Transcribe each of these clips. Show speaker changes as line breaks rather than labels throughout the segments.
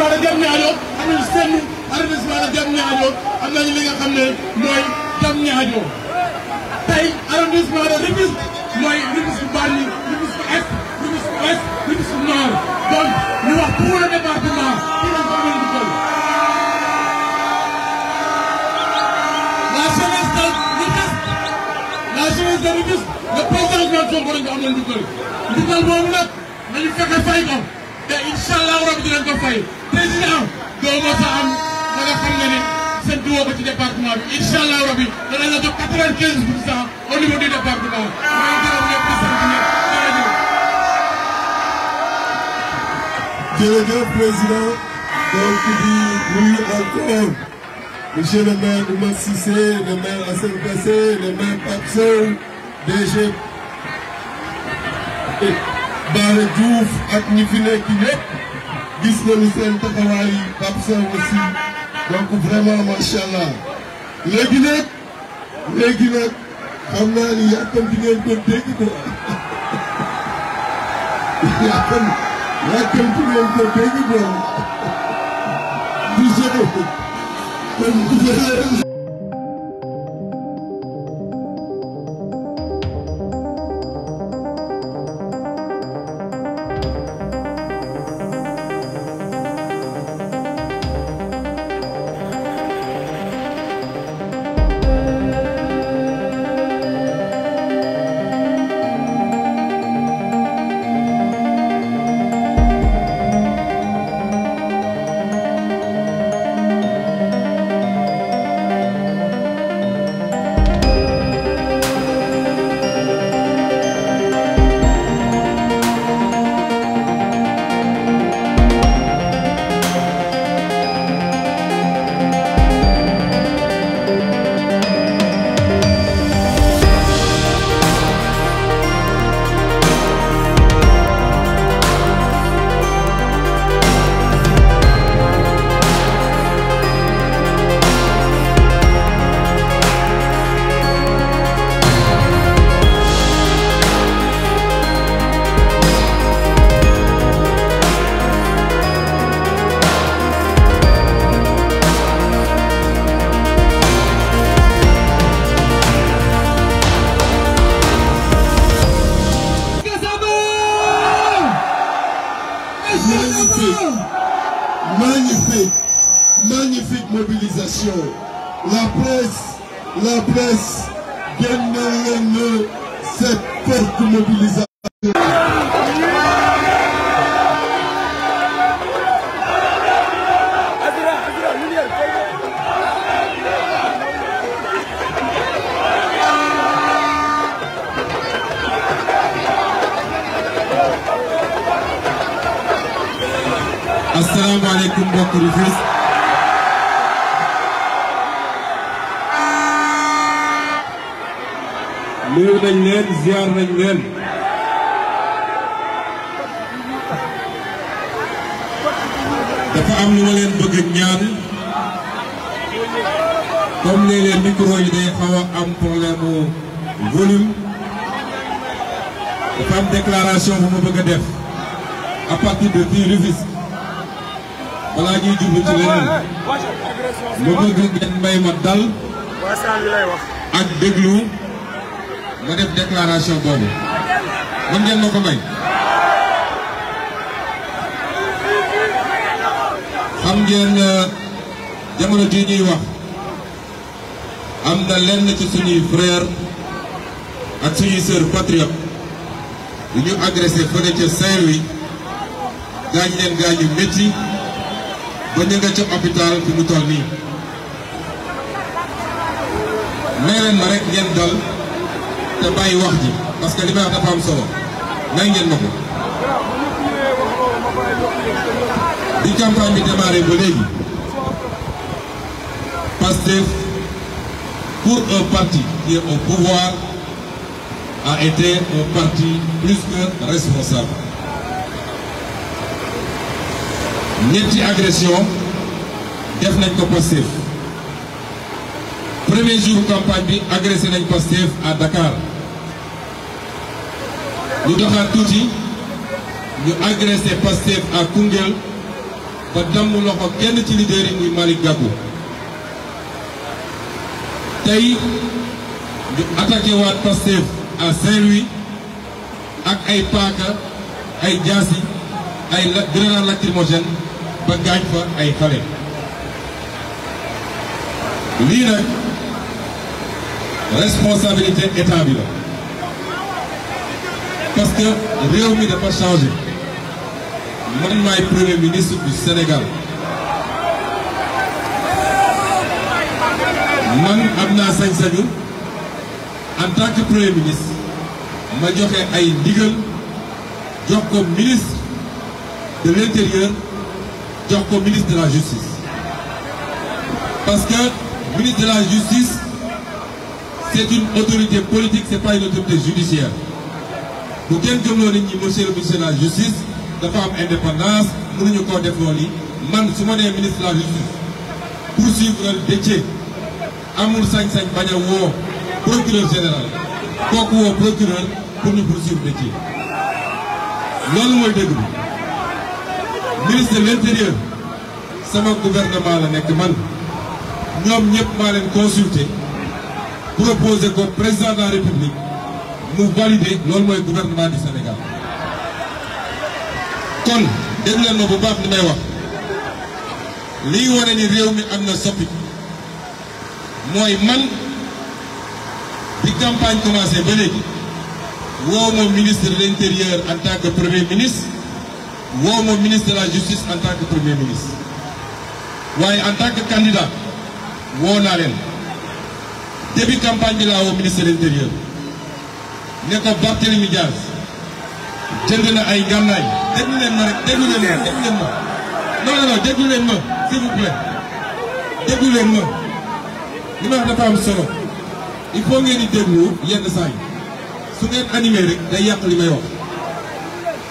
arrondissement de Diamniadio am nañu seen arrondissement de Diamniadio am nañu li nga xam ne mooy Diamniadio tey arrondissement de Rufisque mooy Rufisque bu Bargny Rufisque bu Est Rufisque bu Ouest Rufisque bu Nord donc ñu wax pour le département ci la commune bu Dieul la jeunesse de Rufisque la jeunesse de Rufisque le président Ousmane Sonko
lañ ko am na Ndugal Ndugal boobu nag nañu fexe fay ko te incha allahu rabi dinañ ko
fay président doo ma sa am na nga xam ne ne seen duwoo ko ci département bi incha allahu rabi danañ la jox quatre-vingt-quinze pour cent au niveau du département. maa ngi gërëm ñëpp di sant ñëpp jërëjëf. jërëjëf président donc di nuyu monsieur le maire Oumar
Cissé le maire Assane le maire Pape Sow DG. Daara Diouf ak ñi fi nekk ñëpp gis nañu seen taxawaay yi Pape Sow aussi donc vraiment macha allah léegi nag léegi nag xam naa ni yàkkamti ngeen ko dégg quoi
yàkkam yàkkamti ngeen ko dégg quoi. du
asalaamaaleykum mbokk Rufisque nuyu nañ leen ziar nañ leen dafa am lu ma leen bëgg ñaan comme léeg-léeg micro yi day xaw am problème mu volume dafa am bu ma bëgg def à partir de fii Rufisque balaa ñuy jublu ci leneen ma bëgg ngeen may ma dal ak déglu ma def déclaration boobu man ngeen ma ko may. xam ngeen euh, jamono ji ñuy wax am na lenn ci suñuy frère ak suñuy sœur patriote yu ñu agressé fële ca saint gaañ leen gaañu métti. ba ñu nga ca hôpital fi mu toll nii nee leen ma rek ngeen dal te bàyyi wax ji parce que li may wax dafa am solo may ngeen ma ko bi campagne bi démarré ba Parce que pour un parti qui est au pouvoir a été un parti plus que responsable ñetti agression def nañ ko Pastef premier jour campagne bi agressé nañ Pastef à Dakar Nous doxaat tuuti ñu agressé Pastef à Koungheul ba damm loxo kenn ci leader yi muy Malick Gakou tey ñu attaqué waat Pastef à Saint-Louis ak ay paaka ay jasi ay grenade lacrymogène ba gaañ fa ay xale lii nag responsabilité état bi la parce que réew mi dafa changé man maay premier ministre du Sénégal man am naa sañ-sañu en tant que premier ministre ma joxe ay ndigal jox ko ministre de l'intérieur comme ministre de la justice parce que ministre de la justice c'est une autorité politique c'est pas une autorité judiciaire pour quelqu'un qui est le ministre de la justice la femme indépendance nous avons encore des man Si je ministre de la justice poursuivre le péché. Amour sañ 5 procureur général kooku procureur pour nous poursuivre le loolu le ministre de l'intérieur sama gouvernement la nekk man avons ñëpp maa leen consulter proposer président de la république nous valider loolu mooy gouvernement du Sénégal. kon déglu leen ma bu baax li may wax liy wane ni réew mi am soppi mooy man bi campagne commencé ba léegi ministre de l'intérieur en tant que premier ministre. woo ma ministre de la justice en tant que premier ministre waaye en tant que candidat woo naa leen début campagne bi laa woo ministre de l'intérieur ne ko Barthélemy jënd na ay ngànnaay déglu leen ma rek déglu leen ma déglu leen ma non non leen déglu leen ma li ma wax dafa am solo il faut ngeen di déglu yenn saa su ngeen animé rek day yàq li may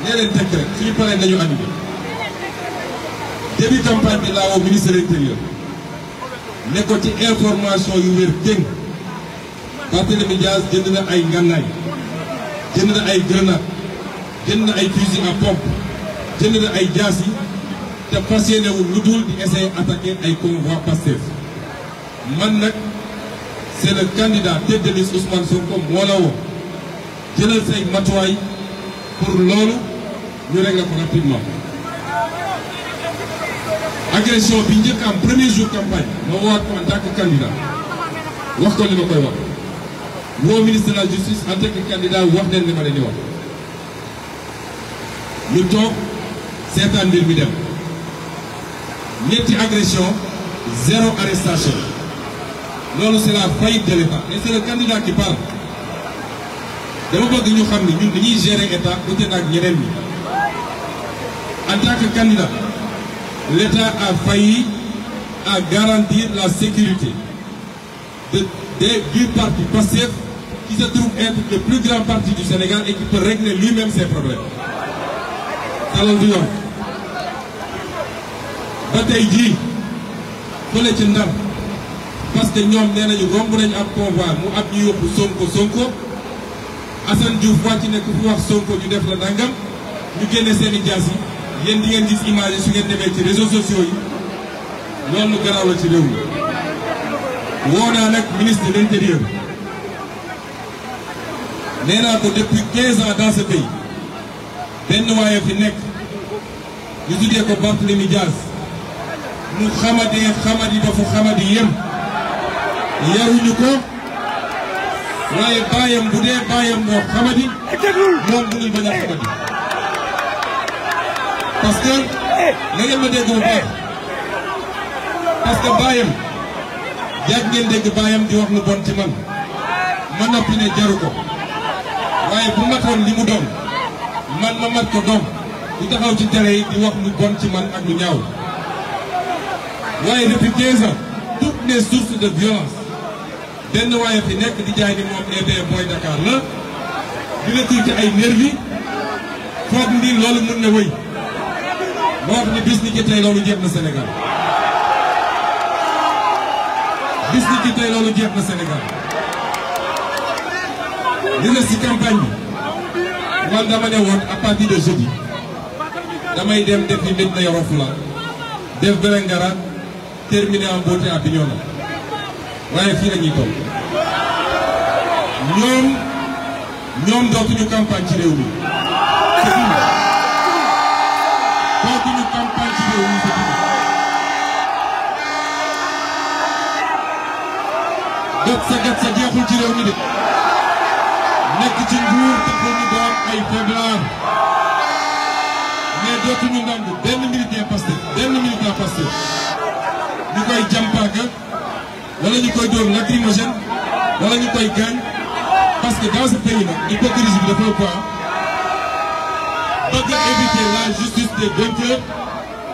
nee leen teg rek suñu paree nañu animé début campagne bi laa woo ministre de l'intérieur ne ko ci information yu wér jëng les médias, jënd na ay ngànnaay jënd na ay grenade jënd na ay fusil à pompe jënd na ay jaas yi te passionné wu lu dul di essayer attaquer ay convoi Pastef man nag c'est le candidat tête de liste Ousmane Sonko moo la woo jëlal say matuwaay pour loolu nous règlons rapidement agression bi njëkk qu'en premier jour campagne nous avons en tant que candidat wax ko li koy wax ministre de la justice en tant que candidat wax avons li ma leen Le temps, c'est un seetaan mi agression zéro arrestation nous c'est la faillite de l'État et c'est le candidat qui parle dama nous ñu xam ne ñun dañuy gérer état ute ñeneen en tant que candidat, l'État a failli à garantir la sécurité de, de, du parti passif qui se trouve être le plus grand parti du Sénégal et qui peut régler lui-même ses problèmes. Salon du Nord. y tey les parce que nous, avons nañu un nous ab convoi mu ab ñu yóbbu Sonko Sonko Assane Diouf wàcc ne ku fi wax Sonko ñu def la nous ñu génne seen nous yéen di ngeen gis image yi su ngeen demee ci réseaux sociaux yi loolu garaaw la ci réew mi woo naa nag ministre de l'intérieur nee naa ko depuis 15 ans dans ce benn waaye fi nekk ñu tuddee ko Barthélémy Dias mu xamadee xamadi dafa xamadi yem yaruñu ko waaye baayam bu dee baayam moo xamadi moom mënul bañ a xamadi parce que eh. na ma dégg bu baax eh. parce baayam yàgg ngeen dégg baayam di wax lu bon ci man ma noppi ne jaru ko waaye bu matoon li mu doon man ma mat ko doom di taxaw ci télé di wax lu bon ci man ak lu ñaaw waaye depuis 15 ans toutes les de violence benn waaye fi nekk di jaay ni moom EBM booy Dakar la dina tuuti ay nervi foog ni loolu mun na wëy. dama ne ni ki tey loolu jeex na Sénégal bis ni ki tey loolu jeex na Sénégal li na si campagne
bi
man dama ne woon à partir de damay dem def li mbit na Yoro Fula def Vélingara terminé en beauté à waaye fii la ñuy ñoom ñoom dootuñu ci réew mi gët sa gët sa jeexul ci réew mi de nekk ci nguur te pour ñu doon ay faiblard mais dootuñu nangu benn militant Pastef benn militant Pastef ñu koy jàmpaaka wala ñu koy dóor lacrymogène wala ñu koy gaañ parce que dans ce pays nag hypocrisie bi dafa quoi ah. bëgg éviter la justice des vainqueurs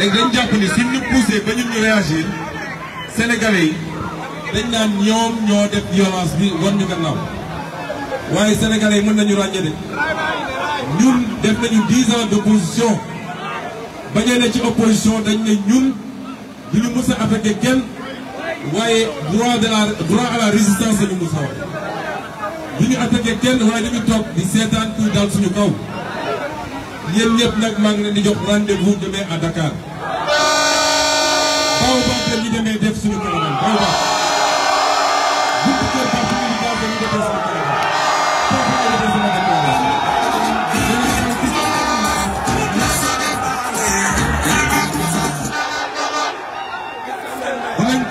léegi dañ jàpp ni suñ ñu poussé ba ñun ñu réagir sénégalais yi dañ naan ñoom ñoo def violence bi war ñu gannaaw waaye sénégalais yi mën nañu ràññee de ñun def nañu dix ans d'opposition bañee ne ci opposition dañ ne ñun du ñu mus a affecté kenn waaye droit de la droit a la résistance la ñu mus a wax du ñu affecté kenn waaye dañu toog di seetaan kuy dal suñu kaw. yéen ñëpp nag maa ngi leen di jox rendez-vous demain à Dakar.
Baobab la ñu demee def suñu caravane Baobab. bu ñu tuddee parti militaire dañuy def suñu caravane. kooku la defee sama déclaration. dinañ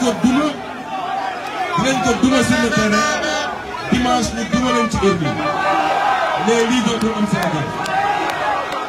ko duma. dinañ ko duma sur le terrain. dimanche ñu duma leen ci heure bi. mais lii dootul am Sénégal.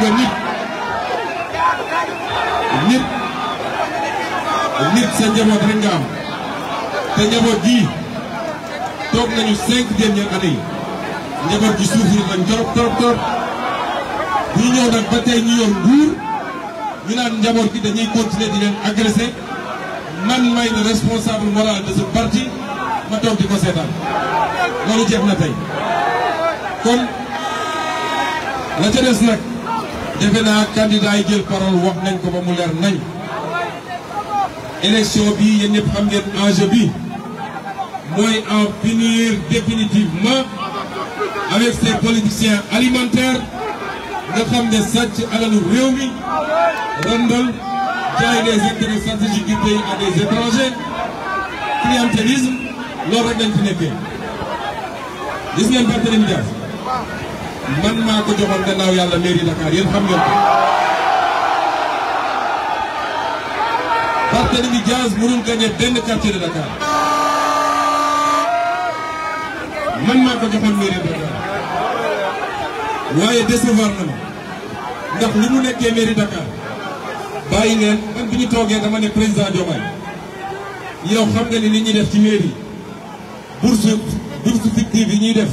nga nit nit nit sa njaboot rek nga am te njaboot gi toog nañu cinq dernières années yi njaboot gi souffrir nañ torop torop torop ñu ñëw nag ba tey ñu yor nguur ñu naan njaboot gi dañuy continuer di leen agressé man may le responsable moral de ce parti ma toog di ko seetaan loolu jeex na tey kon la ca des nag Et naa candidat yi la parole wax nañ ko ba mu leer nañ élection bi yéen ñëpp xam ngeen enjeu bi en finir définitivement avec ces politiciens alimentaires nga xam de sàcc alalu Réumi, mi qui ont des intérêts stratégiques du pays à des étrangers
clientélisme l'origine
rek n'est fi man maa ko joxoon gannaaw yàlla mairie Dakar yéen xam ngeen ko. Barthélémy Dias mënul gagné benn quartier de Dakar man maa ko joxoon mairie Dakar waaye décevoir na ma ndax li mu mairie Dakar bàyyi leen man bi ñu dama ne président Diomaye yow xam nga ni li ñuy def ci mairie bourse bourse fictive yi ñuy def.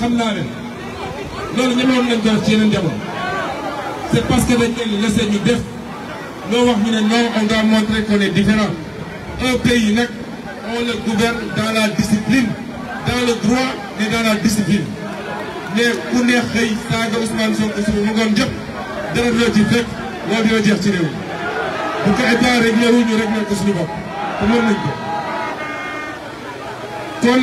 xam naa leen loolu ñemewoon nañ def ci yeneen jamono c'est parce que dañ leen ñu def loo wax ñu ne non on doit montrer qu'on est différent un pays nag on le gouverne dans la discipline dans le droit et dans la discipline mais ku ne xëy saaga Ousmane Sonko suba mu ngoon jëpp dara dina ci fekk loolu réew mi ñu réglé ko suñu bopp te mën nañ ko kon.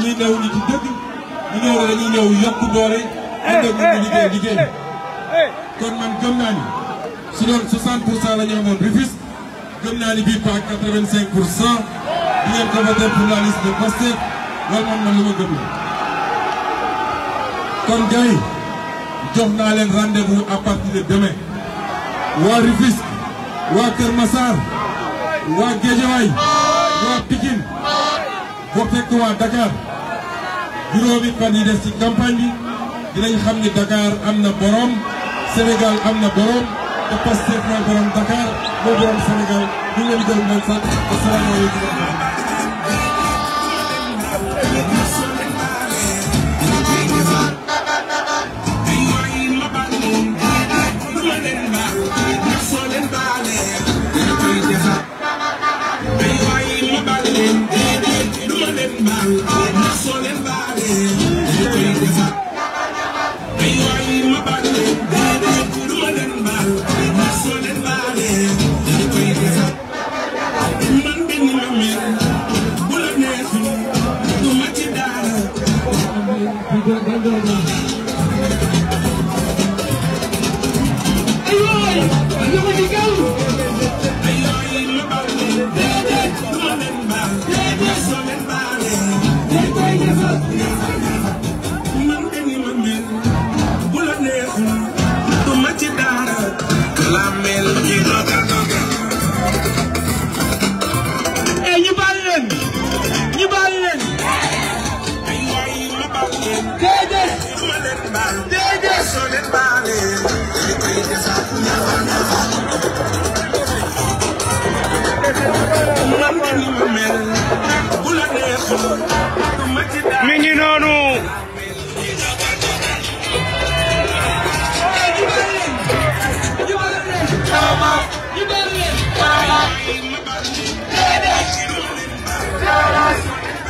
ñi néew ñi ci dëgg ñu ñëw rek dañuy ñëw yokku doole eh, ànd eh, eh, kon man gëm naa ni su doon 60 pour cent la amoon Rufisque gëm naa ni bii pas 85 pour cent di ngeen ko voté pour la liste de Pastef moom man li ma gëm kon gars jox naa leen rendez-vous à de demain waa Rufisque waa Kër Massar waa Guédiawaye waa Pikine boo fekk waa Dakar juróomi fan yi des ci campagne bi dinañ xam ni Dakar am na borom Sénégal am na borom te Pastef mooy borom Dakar moo borom Sénégal ñu ngi leen di gërëm di leen sant asalaamaaleykum